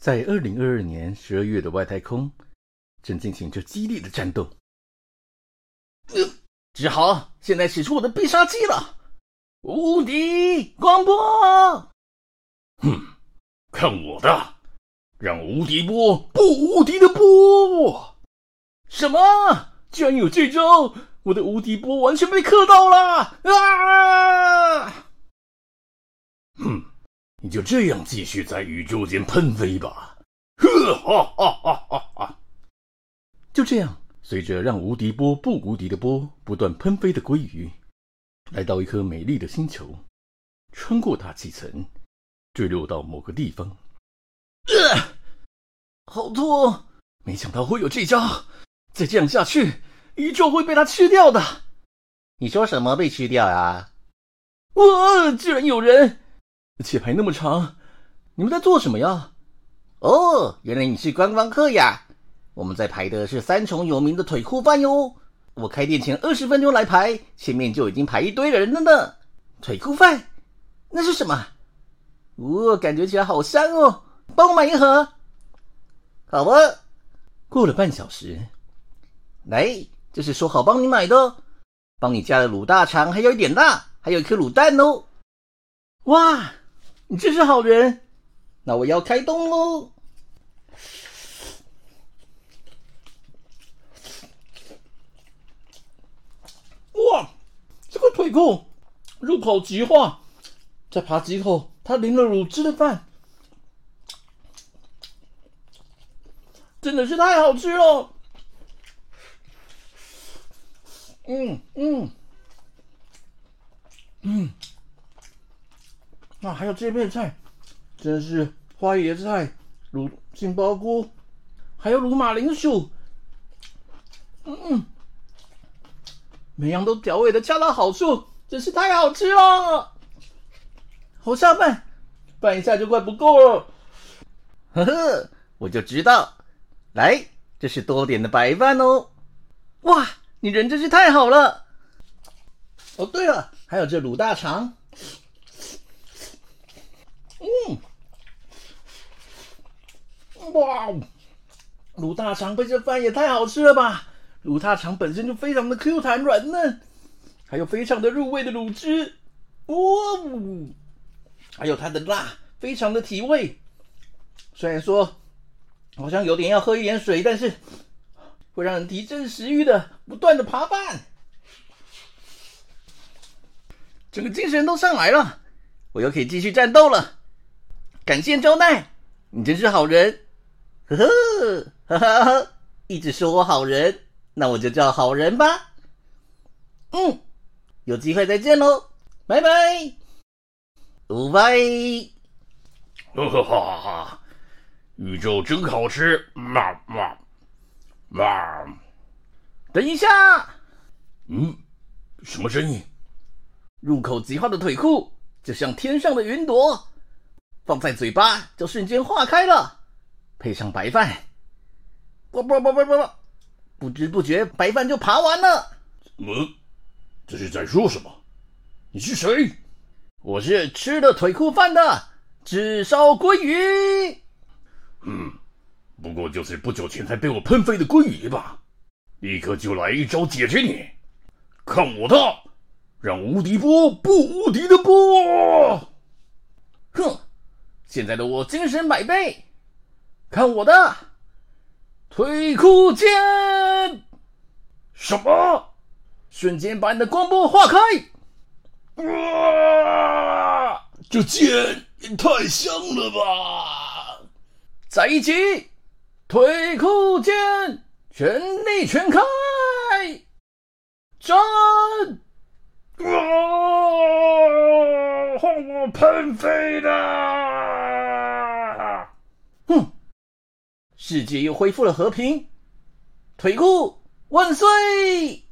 在二零二二年十二月的外太空，正進行着激烈的戰鬥。志、呃、豪，現在使出我的必殺技了，無敵光波！哼，看我的，讓無敵波破無敵的波！什麼？居然有這招？我的無敵波完全被克到了！啊！你就這樣繼續在宇宙間噴飛吧！ 就這樣，隨着讓無敵波不無敵的波不斷噴飛的鮭魚，來到一顆美麗的星球，穿過大氣層，墜落到某個地方。呃，好痛！沒想到會有這招，再這樣下去，宇宙會被它吃掉的。你說什麼被吃掉啊？哇，居然有人！且排那麼長，你們在做什麼呀？哦，原來你是觀光客呀！我們在排的是三重有名的腿庫飯喲。我開店前二十分鐘來排，前面就已經排一堆人了呢。腿庫飯？那是什麼？哦，感覺起來好香哦！幫我買一盒，好吧。過了半小時，來，這是說好幫你買的，幫你加了滷大腸，還有一點辣，還有一顆滷蛋哦。哇！你真是好人，那我要開動嘍！哇，這個腿庫入口即化，再扒幾口，它淋了滷汁的飯，真的是太好吃了。嗯嗯。啊、還有這邊菜，這是花椰菜、滷杏鮑菇，還有滷馬鈴薯，嗯嗯，每樣都調味的恰到好處，真是太好吃了，好下飯，拌一下就快不夠了，呵呵，我就知道。來，這是多點的白飯哦。哇，你人真是太好了。哦，對了，還有這滷大腸。哦、滷大腸配這飯也太好吃了吧！滷大腸本身就非常的 Q 彈軟嫩，還有非常的入味的滷汁，哇哦！還有它的辣，非常的提味。雖然說好像有點要喝一點水，但是會讓人提振食欲的，不斷的扒飯，整個精神都上來了，我又可以繼續戰鬥了。感謝招待，你真是好人。呵呵呵呵呵，一直說我好人，那我就叫好人吧。嗯，有機會再見嘍，拜拜，拜拜。哈哈哈！宇宙真好吃，媽媽媽。等一下，嗯，什麼聲音？入口即化的腿庫，就像天上的雲朵，放在嘴巴就瞬間化開了。配上白飯，不不知不覺白飯就扒完了。我、嗯、這是在說什麼？你是誰？我是吃了腿庫飯的紙燒鮭魚。嗯，不過就是不久前才被我噴飛的鮭魚吧。立刻就來一招解決你，看我的，讓無敵波不無敵的波。哼，現在的我精神百倍。看我的腿庫劍！什麼？瞬間把你的光波化開！啊，這劍也太香了吧！再一擊，腿庫劍全力全開！站！啊。哇！啊。我噴飛的！世界又恢復了和平，腿庫萬歲！